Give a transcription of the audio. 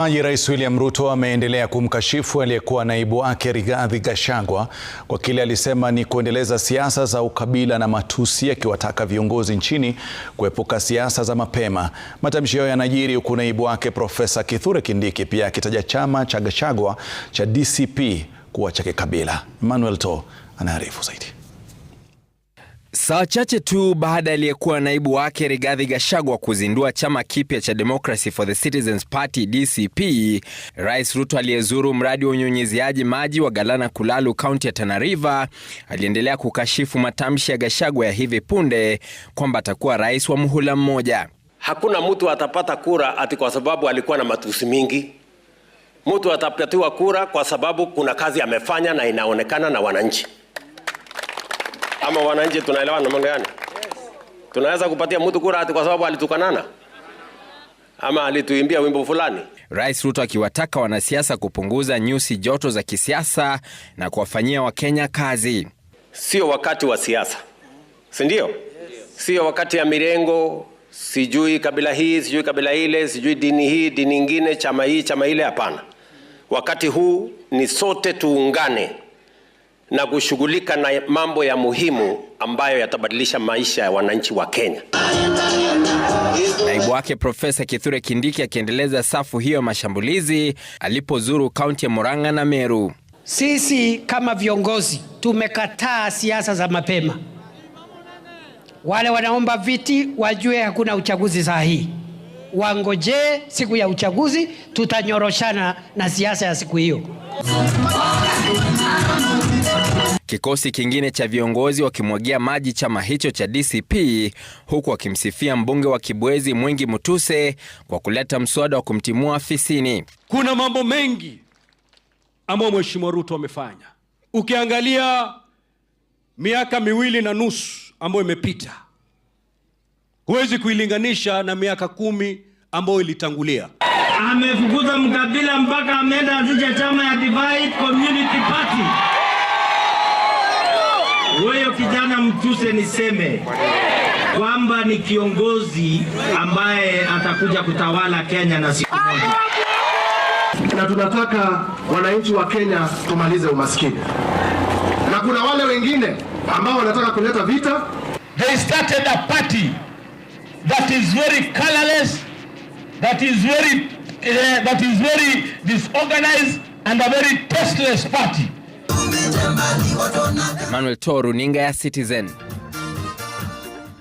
Maji Rais William Ruto ameendelea kumkashifu aliyekuwa naibu wake Rigathi Gachagua kwa kile alisema ni kuendeleza siasa za ukabila na matusi, akiwataka viongozi nchini kuepuka siasa za mapema. Matamshi hayo yanajiri huku naibu wake Profesa Kithure Kindiki pia akitaja chama cha Gachagua cha DCP kuwa cha kikabila. Emmanuel To anaarifu zaidi. Saa chache tu baada ya aliyekuwa naibu wake Rigathi Gachagua kuzindua chama kipya cha Democracy for the Citizens Party DCP, Rais Ruto aliyezuru mradi wa unyunyiziaji maji wa Galana Kulalu, kaunti ya Tana River, aliendelea kukashifu matamshi ya Gachagua ya hivi punde kwamba atakuwa rais wa muhula mmoja. Hakuna mtu atapata kura ati kwa sababu alikuwa na matusi mingi. Mtu atapatiwa kura kwa sababu kuna kazi amefanya na inaonekana na wananchi ama wananchi tunaelewana namna gani? Tunaweza kupatia mtu kura ati kwa sababu alitukanana ama alituimbia wimbo fulani. Rais Ruto akiwataka wanasiasa kupunguza nyusi joto za kisiasa na kuwafanyia Wakenya kazi. Sio wakati wa siasa, si ndio? Sio wakati ya mirengo, sijui kabila hii, sijui kabila ile, sijui dini hii, dini ingine, chama hii, chama ile. Hapana, wakati huu ni sote tuungane na kushughulika na mambo ya muhimu ambayo yatabadilisha maisha ya wananchi wa Kenya. Naibu wake Profesa Kithure Kindiki akiendeleza safu hiyo ya mashambulizi alipozuru kaunti ya Murang'a na Meru. Sisi kama viongozi tumekataa siasa za mapema. Wale wanaomba viti wajue hakuna uchaguzi saa hii, wangojee siku ya uchaguzi, tutanyoroshana na siasa ya siku hiyo. Kikosi kingine cha viongozi wakimwagia maji chama hicho cha DCP huku wakimsifia mbunge wa Kibwezi Mwingi Mutuse kwa kuleta mswada wa kumtimua afisini. Kuna mambo mengi ambayo Mheshimiwa Ruto amefanya. Ukiangalia miaka miwili na nusu ambayo imepita, huwezi kuilinganisha na miaka kumi ambayo ilitangulia. Amefukuza mkabila mpaka ameenda azija chama ya Divide Community Party. Wewe kijana mtuse, niseme kwamba ni kiongozi ambaye atakuja kutawala Kenya na siku moja, na tunataka wananchi wa Kenya tumalize umaskini, na kuna wale wengine ambao wanataka kuleta vita. They started a party that is very colorless, that is very, uh, that is very disorganized and a very tasteless party. Manuel Toru, ninga ya Citizen.